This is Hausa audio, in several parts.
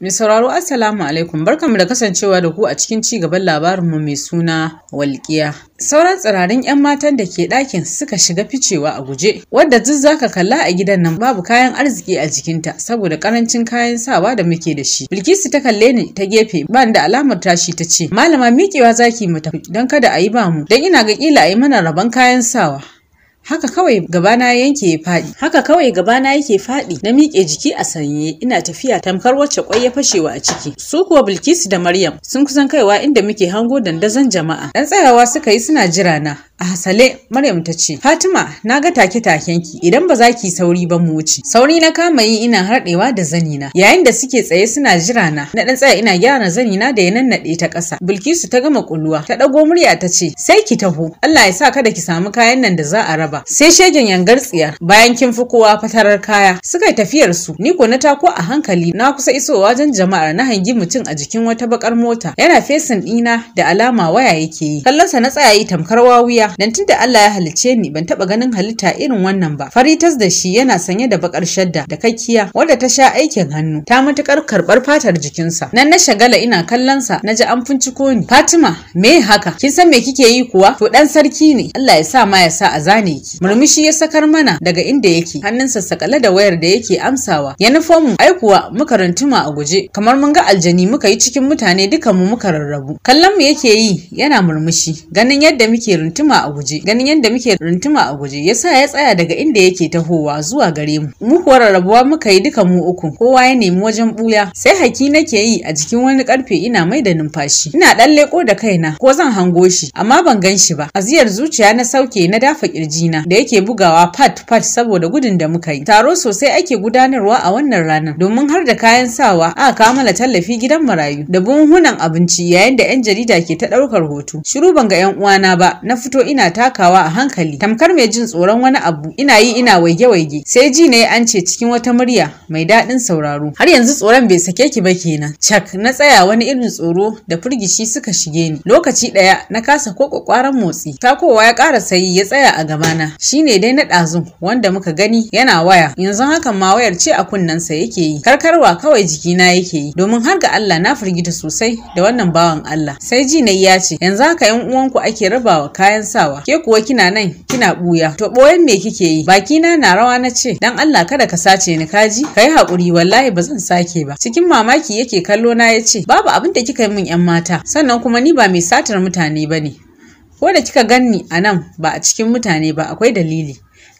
Mai sauraro Assalamu alaikum barkanmu da kasancewa da ku a cikin ci gaban labarinmu mai suna walƙiya. Sauran tsirarin 'yan matan da ke ɗakin suka shiga ficewa a guje, wadda duk ka kalla a gidan nan babu kayan arziki a jikinta saboda ƙarancin kayan sawa da muke da shi. Bilkisu ta kalle ni ta gefe ban da alamar tashi ta ce, Malama miƙewa zaki mu tafi don kada a yi ba mu, don ina ga ƙila a yi mana rabon kayan sawa. haka kawai gabana yanke ya faɗi haka kawai gabana yake faɗi na miƙe jiki a sanye ina tafiya tamkar wacce kwai ya fashewa a ciki su kuwa bilkisu da maryam sun kusan kaiwa inda muke hango dandazon jama'a Ɗan tsayawa suka yi suna jira na a hasale maryam ta ce fatima na ga take takenki idan ba za ki sauri ba mu wuce sauri na kama yi ina harɗewa da zani na yayin da suke tsaye suna jira na na dan tsaya ina gyara zani na da ya nannaɗe ta ƙasa bilkisu ta gama ƙuluwa. ta ɗago murya ta ce sai ki taho allah ya sa kada ki samu kayan nan da za a raba ba Sai shegen yangar tsiya bayan kin fi kowa fatarar kaya suka yi tafiyar su ni ko na tako a hankali na kusa isowa wajen jama'ar na hangi mutum a jikin wata bakar mota yana fesin ɗina da alama waya yake yi. Kallonsa na tsaya yi tamkar wawiya dan tunda Allah ya halicce ni ban taba ganin halitta irin wannan ba. Faritas da shi yana sanye da bakar shadda da kakkiya Wanda ta sha aikin hannu ta matukar karbar fatar jikinsa. Nan na shagala ina kallonsa na ji an funciko ni. Fatima me haka kin san me kike yi kuwa to dan sarki ne Allah ya sa ma ya sa a zane murmushi ya sakar mana daga inda yake hannunsa sakale da wayar da yake amsawa ya nufo mu ai kuwa muka rantuma a guje kamar mun ga aljani muka yi cikin mutane dukan mu muka rarrabu kallon mu yake yi yana murmushi ganin yadda muke runtuma a guje ganin yadda muke runtuma a guje yasa ya tsaya daga inda yake tahowa zuwa gare mu mu kuwa rarrabuwa muka yi duka mu uku kowa ya nemi wajen buya sai haki nake yi a jikin wani karfe ina mai da numfashi ina ɗan leƙo da kaina ko zan hango shi amma ban gan shi ba aziyar zuciya na sauke na dafa kirji na da yake bugawa pat pat saboda gudun da muka yi taro sosai ake gudanarwa a wannan ranar domin har da kayan sawa a kawo mana tallafi gidan marayu da buhunan abinci yayin da yan jarida ke ta ɗaukar hoto shiru ban ga yan uwana ba na fito ina takawa a hankali tamkar mai jin tsoron wani abu ina yi ina waige waige sai ji ne an ce cikin wata murya mai daɗin sauraro har yanzu tsoron bai sake ki ba kenan cak na tsaya wani irin tsoro da furgishi suka shige ni lokaci ɗaya na kasa ko ƙwaƙwaran motsi takowa ya ƙara sayi ya tsaya a gabana rana shine dai na ɗazu wanda muka gani yana waya yanzu hakan ma wayar ce a sa yake yi karkarwa kawai jikina yake yi domin har ga Allah na firgita sosai da wannan bawan Allah sai ji na ya ce yanzu haka yan uwanku ake rabawa kayan sawa ke kuwa kina nan kina buya to boyen me kike yi bakina na rawa na ce dan Allah kada ka sace ni kaji kai hakuri wallahi ba zan sake ba cikin mamaki yake kallo na ya ce babu abin da kika yi min yan mata sannan kuma ni ba mai satar mutane bane ko da kika ganni a nan ba a cikin mutane ba akwai dalili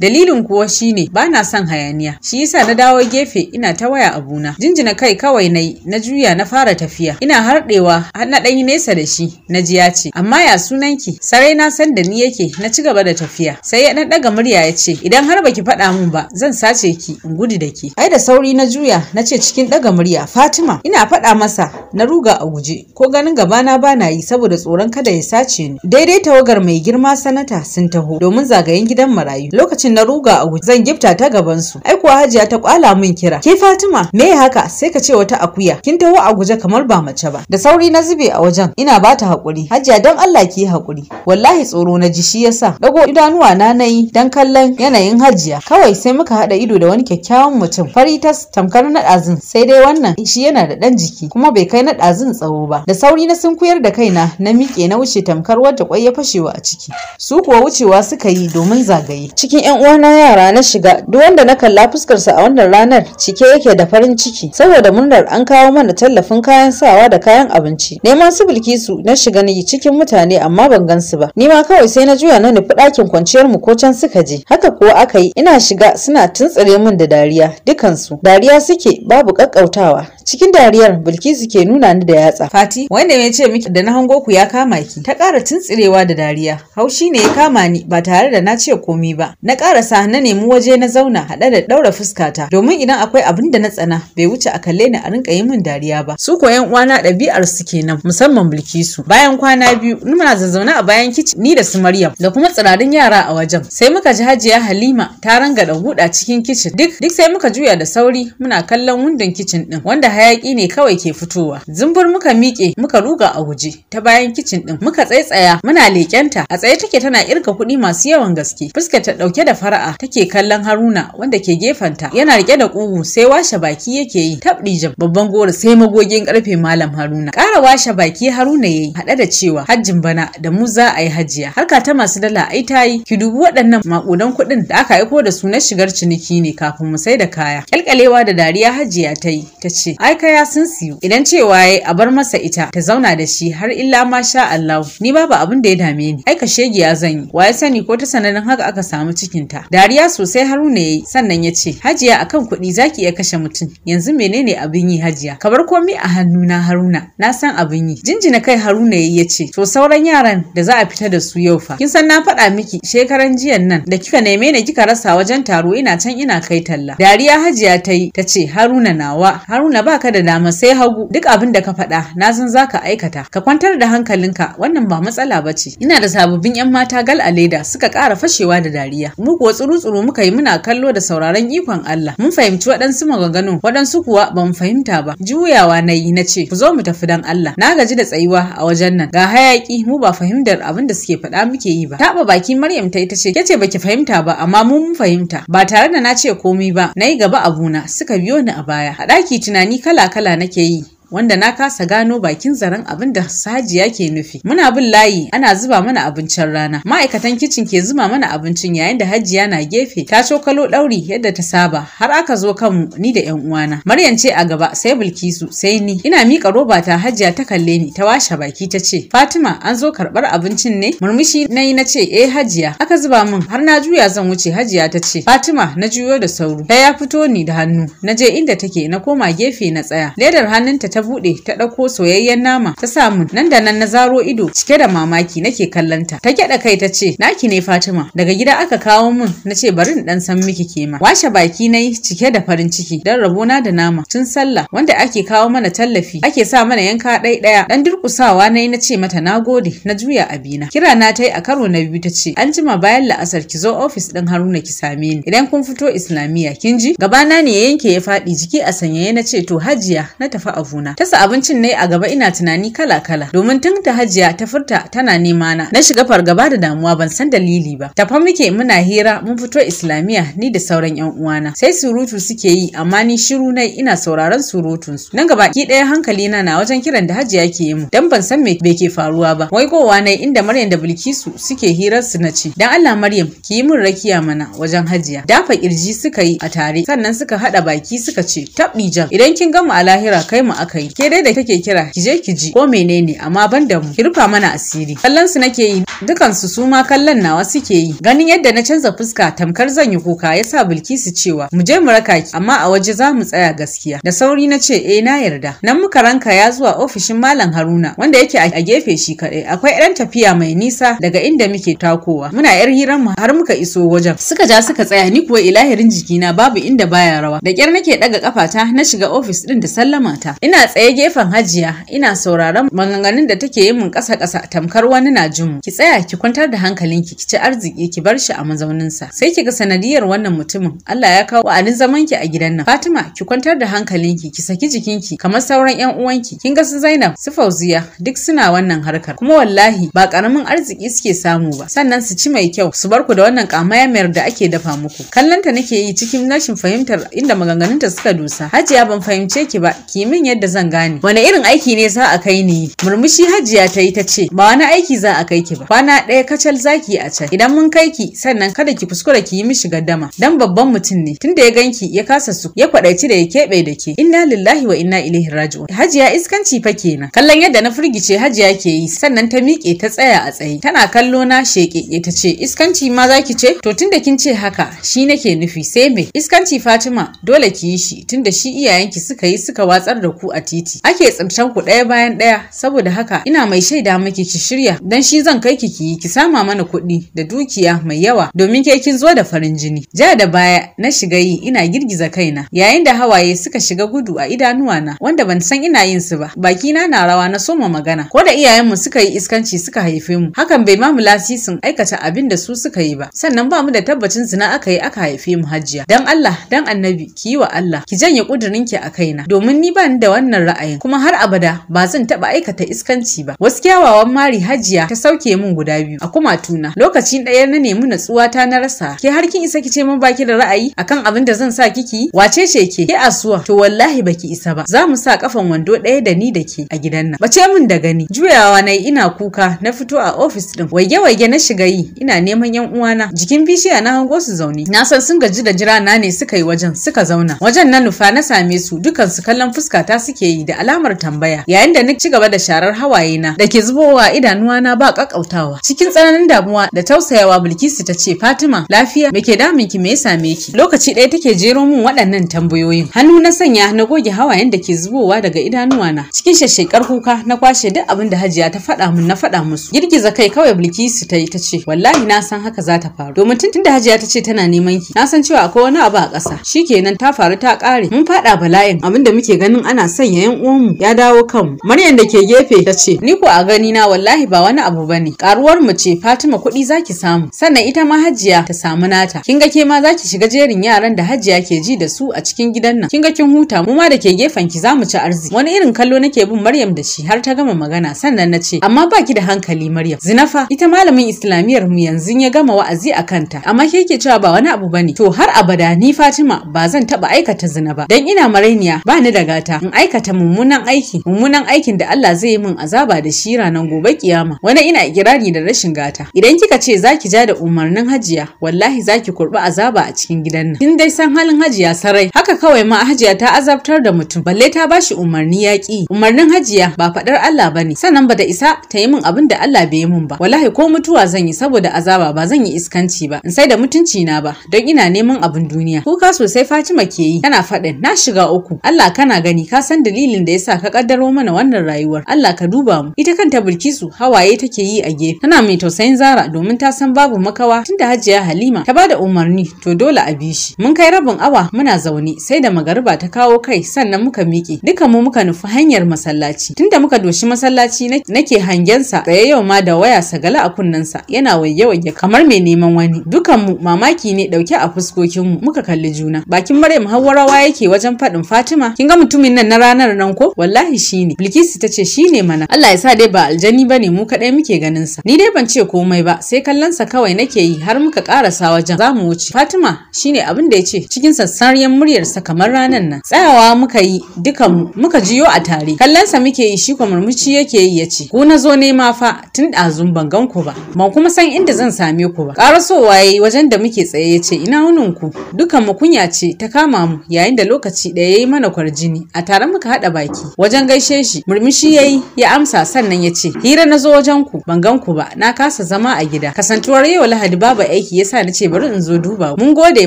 Dalilin kuwa shine ba na son hayaniya. Shi yasa na dawo gefe ina ta waya abuna. Jinjina kai kawai nayi na juya na fara tafiya. Ina harɗewa har na ɗanyi nesa da shi na ji ya ce amma ya sunanki sarai na san da ni yake na ci gaba da tafiya. Sai ya ɗan ɗaga murya ya ce idan har baki faɗa min ba zan sace ki in gudu da ke. Ai da sauri na juya na ce cikin ɗaga murya Fatima ina faɗa masa na ruga a guje ko ganin gabana ba na yi saboda tsoron kada ya sace ni. Daidai tawagar mai girma sanata sun taho domin zagayen gidan marayu lokacin na ruga a wuce zan gifta ta gaban su ai kuwa hajiya ta kwala min kira ke fatima me haka sai ka ce wata akuya kin taho a guje kamar ba mace ba da sauri na zube a wajen ina ba ta hakuri hajiya dan Allah ki hakuri wallahi tsoro na ji shi yasa dago idanuwa na nayi dan kallon yanayin hajiya kawai sai muka hada ido da wani kyakkyawan mutum fari ta tamkar na dazin sai dai wannan shi yana da dan jiki kuma bai kai na dazin tsawo ba da sauri na sunkuyar da kaina na miƙe na wuce tamkar wadda kwai ya fashewa a ciki su kuwa wucewa suka yi domin zagaye cikin 'yan uwana yara na shiga duk wanda na kalla fuskarsa a wannan ranar cike yake da farin ciki saboda murnar an kawo mana tallafin kayan sawa da kayan abinci neman su bilkisu na shiga ni cikin mutane amma ban gansu ba ni ma kawai sai na juya na nufi ɗakin kwanciyar mu ko can suka je haka kuwa aka yi ina shiga suna tuntsire min da dariya dukansu dariya suke babu ƙaƙƙautawa cikin dariyar bilkisu ke nuna ni da yatsa fati wanda ya ce miki da na hango ku ya kama ki ta ƙara tuntsirewa da dariya haushi ne ya kama ni ba tare da na ce komi ba na sa na nemi waje na zauna haɗe da ɗaura fuskata domin idan akwai abin da na tsana bai wuce a kalle ni a rinka yi min dariya ba su ko yan uwana ɗabi'ar su kenan musamman bilkisu bayan kwana biyu muna zazzauna a bayan kicin ni da su maryam da kuma tsirarin yara a wajen sai muka ji hajiya halima ta ranga da guda cikin kicin duk duk sai muka juya da sauri muna kallon wundon kicin din wanda hayaki ne kawai ke fitowa zumbur muka miƙe muka ruga a guje ta bayan kicin ɗin muka tsaitsaya muna leƙenta a tsaye take tana kirga kuɗi masu yawan gaske fuskar ta ɗauke da fara'a take kallon haruna wanda ke gefenta yana rike da ƙugu sai washe baki yake yi tabdijin babban goro sai magogin ƙarfe malam haruna ƙara washe baki haruna yayi haɗe da cewa hajjin bana da mu za a yi hajiya harka ta masu dala ai ta yi ki dubi waɗannan maƙudan kuɗin da aka aiko da su na shigar ciniki ne kafin mu sai da kaya ƙyalƙyalewa da dariya hajiya ta yi ta ce ai kaya sun siyo. idan cewa yayi a bar masa ita ta zauna da shi har illa ma sha Allah ni babu abin da ya dame ni ai ka shege ya zan yi waye sani ko ta sanarin haka aka samu cikin ta dariya sosai Haruna yayi sannan ya ce hajiya akan kuɗi zaki iya kashe mutum yanzu menene abin yi hajiya ka bar komai a hannu na, Haruna na san abin yi jinjina kai Haruna yayi ya ce to sauran yaran da za a fita da su yau fa kin san na faɗa miki shekaran jiyan nan da kika neme ni kika rasa wajen taro ina can ina kai talla dariya hajiya ta yi ta ce Haruna nawa Haruna ba baka da dama sai hagu duk abin da ka faɗa na san za ka aikata ka kwantar da hankalinka wannan ba matsala ba ce ina da sababbin yan mata gal a leda suka kara fashewa da dariya mu kuwa tsuru-tsuru muka yi muna kallo da sauraron ikon Allah mun fahimci waɗansu gano. waɗansu kuwa ba mu fahimta ba juyawa na yi na ce ku zo mu tafi dan Allah na gaji da tsayuwa a wajen nan ga hayaki mu ba fahimtar abin da suke faɗa muke yi ba taɓa baki Maryam ta ita ce kace baki fahimta ba amma mu mun fahimta ba tare da na ce komai ba na yi gaba abuna suka biyo ni a baya a ɗaki tunani kala-kala nake yi. wanda na kasa gano bakin zaren abin da sajiya ke nufi muna bin layi ana zuba mana abincin rana ma'aikatan kicin ke zuma mana abincin yayin da hajiya na gefe ta cokalo ɗauri yadda ta saba har aka zo kanmu ni da yan uwana maryam ce a gaba sai bilkisu sai ni ina miƙa roba ta hajiya ta kalle ni ta washe baki ta ce fatima an zo karɓar abincin ne murmushi na yi na ce eh hajiya aka zuba min har na juya zan wuce hajiya ta ce fatima na juyo da sauro ta ya fito ni da hannu na je inda take na koma gefe na tsaya ledar hannunta ta buɗe ta ɗauko soyayyen nama ta samu nan da nan na zaro ido cike da mamaki nake kallanta ta gyaɗa kai ta ce naki ne Fatima daga gida aka kawo mun. na ce bari in dan san miki kema washe baki nayi cike da farin ciki dan na da nama tun sallah wanda ake kawo mana tallafi ake sa mana yanka ɗaya ɗaya dan durƙusawa nayi na ce mata nagode na juya abina kira na tayi a karo na biyu ta ce an jima bayan la'asar ki zo ofis ɗin Haruna ki same ni idan kun fito Islamiyya kin ji gabana ne yanke ya faɗi jiki a sanyaye na ce to hajiya na tafi abuna ta tasa abincin ne a gaba ina tunani kala kala domin tun ta hajiya ta furta tana nema na na shiga fargaba da damuwa ban san dalili ba tafa muke muna hira mun fito islamiyya, ni da sauran yan uwana sai surutu suke yi amma ni shiru nai ina sauraron surutun su nan gaba ki ɗaya hankali na na wajen kiran da hajiya ke yi mu dan ban san me be ke faruwa ba wai gowa nai inda Maryam da Bilkisu suke hirar su na ce dan Allah Maryam ki yi min rakiya mana wajen hajiya dafa kirji suka yi a tare sannan suka hada baki suka ce tabbi jan idan kin gama a lahira kai mu aka kai ke dai da kake kira ki je ki ji ko menene amma ban da mu ki rufa mana asiri kallon su nake yi dukan su su ma kallon nawa suke yi ganin yadda na canza fuska tamkar zan yi kuka yasa Bilkisu cewa mu je mu raka ki amma a waje za mu tsaya gaskiya da sauri na ce eh na yarda nan muka ranka ya zuwa ofishin Malam Haruna wanda yake a gefe shi kaɗai akwai ɗan tafiya mai nisa daga inda muke takowa muna yar hirar mu har muka iso wajen suka ja suka tsaya ni kuwa ilahirin jikina babu inda baya rawa da kyar nake daga kafata na shiga ofis din da sallama ina Ina tsaye gefen Hajiya, ina sauraron maganganun da take yi mun ƙasa kasa tamkar wani na jin Ki tsaya ki kwantar da hankalinki, ki ci arziki ki bar shi a mazauninsa. Sai ki ga sanadiyar wannan mutumin, Allah ya kawo wa'adin zaman ki a gidan nan. Fatima, ki kwantar da hankalinki, ki saki jikinki kamar sauran 'yan uwanki. Kin ga su Zainab, su Fauziya, duk suna wannan harkar. Kuma wallahi ba karamin arziki suke samu ba. Sannan su ci mai kyau, su bar ku da wannan kamayamayar da ake dafa muku. Kallanta nake yi cikin nashin fahimtar inda maganganunta suka dusa. Hajiya ban fahimce ki ba, ki min yadda zan gane wani irin aiki ne za a kai ni murmushi hajiya ta yi ta ce ba wani aiki za a kai ki ba kwana ɗaya kacal zaki a can idan mun kai ki sannan kada ki fuskura ki yi mishi gaddama dan babban mutum ne tunda ya ganki ya kasa su ya kwadaici da ya keɓe da ke inna lillahi wa inna ilaihi raji'un hajiya iskanci fa kenan kallon yadda na firgice hajiya ke yi sannan ta miƙe ta tsaya a tsaye tana kallo na sheƙeƙe ta ce iskanci ma za ki ce to tunda kin ce haka shi nake nufi sai me iskanci Fatima dole ki yi shi tunda shi iyayenki suka yi suka watsar da ku a titi ake tsintan ku ɗaya bayan ɗaya saboda haka ina mai shaida miki ki shirya dan shi zan kai ki ki ki sama mana kuɗi da dukiya mai yawa domin ke kin zo da farin jini ja da baya na shiga yi ina girgiza kaina yayin da hawaye suka shiga gudu a idanuwa na. wanda ban san ina yin su ba bakina na rawa na soma magana ko da iyayenmu suka yi iskanci suka haife mu hakan bai mamu lasisin aikata abin da su suka yi ba sannan ba mu da tabbacin zina aka yi aka haife mu hajiya dan Allah dan annabi ki yi wa Allah ki janye ki a kaina domin ni ba da wannan wannan ra'ayin kuma har abada ba zan taba aikata iskanci ba. Wasu kyawawan mari hajiya ta sauke min guda biyu a kuma tuna. Lokacin ɗaya na nemi natsuwa ta na rasa. Ke har kin isa kice min baki da ra'ayi akan abin da zan sa kiki? Wace ce ke? Ke asuwa? To wallahi baki isa ba. Za mu sa kafan wando ɗaya da ni da ke a gidan nan. Bace min da gani. Juyawa na ina kuka na fito a ofis din. Waige-waige na shiga yi ina neman yan uwana. Jikin bishiya na hango su zaune. Na san sun gaji da jira na ne suka yi wajen suka zauna. Wajen na nufa na same su dukansu kallon fuska ta suke yake yi da alamar tambaya yayin da na ci gaba da sharar hawaye na da ke zubowa idanuwa na ba kakkautawa. Cikin tsananin damuwa da tausayawa Bilkisu ta ce Fatima lafiya me ke damun ki me ya same ki? Lokaci ɗaya take jero min waɗannan tambayoyin. Hannu na sanya na goge hawayen da ke zubowa daga idanuwa na. Cikin shashshekar kuka na kwashe duk abin da Hajiya ta faɗa min na faɗa musu. Girgiza kai kawai Bilkisu ta ta ce wallahi na san haka za ta faru. Domin tun da Hajiya ta ce tana neman ki na san cewa akwai wani abu a ƙasa. Shikenan ta faru ta kare. mun faɗa bala'in abin da muke ganin ana sanya yan uwanmu ya dawo kan mu maryam da ke gefe ta ce ni ko a gani na wallahi ba wani abu bane karuwar mu ce fatima kuɗi zaki samu sannan ita ma hajiya ta samu nata kin ga ke ma zaki shiga jerin yaran da hajiya ke ji da su a cikin gidan nan kin ga kin huta mu ma da ke gefen ki zamu ci arziki wani irin kallo nake bin maryam da shi har ta gama magana sannan na ce amma baki da hankali maryam zinafa ita malamin islamiyyar mu yanzu ya gama wa'azi a kanta amma ke ke cewa ba wani abu bane to har abada ni fatima ba zan taba aikata zina ba dan ina marainiya ba ni da gata in aikata ta mummunan aiki mummunan aikin da Allah zai yi min azaba da shi ranar gobe kiyama wani ina ikirari da rashin gata idan kika ce zaki ja da umarnin hajiya wallahi zaki kurba azaba a cikin gidan nan kin dai san halin hajiya sarai haka kawai ma hajiya ta azabtar da mutum balle ta bashi umarni yaki. umarnin hajiya ba faɗar Allah bane sannan bata isa ta yi min abin da Allah bai yi min ba wallahi ko mutuwa zan yi saboda azaba ba zan yi iskanci ba in sai da mutunci na ba don ina neman abin duniya kuka sosai Fatima ke yi tana faɗin na shiga uku Allah kana gani ka san da dalilin da yasa ka kaddaro mana wannan rayuwar. Allah ka duba mu. Ita kanta Bilkisu hawaye take yi a gefe. Tana mai tausayin Zara domin ta san babu makawa tunda Hajiya Halima ta bada umarni to dole a bi shi. Mun kai rabin awa muna zaune sai da magariba ta kawo kai sannan muka miƙe. dukan mu muka nufi hanyar masallaci. Tunda muka doshi masallaci nake hangensa tsaye yau ma da waya sagala a sa, yana wayye-wayye kamar mai neman wani. Dukan mu mamaki ne dauke a fuskokin mu muka kalli juna. Bakin Maryam rawa yake wajen faɗin Fatima. Kin ga mutumin nan na ranar nan ko wallahi shine bilkisu ta ce shine mana Allah ya sa dai ba aljani bane mu kadai muke ganin sa ni dai ban ce komai ba sai kallon sa kawai nake yi har muka karasa wajen za mu wuce Fatima shine abin da ya ce cikin sassariyar muryar sa kamar ranar nan tsayawa muka yi dukan muka jiyo a tare kallon sa muke yi shi ko murmushi yake yi yace ku na zo ne ma fa tun ɗazun ban gan ku ba ban kuma san inda zan same ku ba karasowa yayi wajen da muke tsaye yace ina wunin ku dukan mu kunya ce ta kama mu yayin da lokaci ɗaya yayi mana kwarjini a tare muka suka haɗa baki wajen gaishe shi murmushi yayi ya amsa sannan ya ce hira na zo wajen ku ban gan ku ba na kasa zama a gida kasantuwar yau lahadi babu aiki yasa na ce bari in zo duba mun gode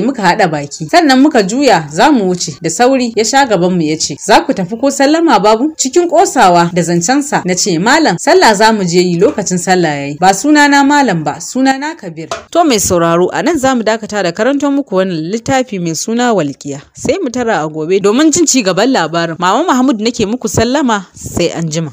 muka haɗa baki sannan muka juya za mu wuce da sauri ya sha gaban mu ya ce za ku tafi ko sallama babu cikin kosawa da zancensa na ce malam sallah za mu je yi lokacin sallah yayi ba sunana malam ba sunana kabir to mai sauraro a nan za mu dakata da karantar muku wannan littafi mai suna walƙiya sai mu tara a gobe domin jin ci gaban labarin maman Mahmud nake muku sallama sai anjima.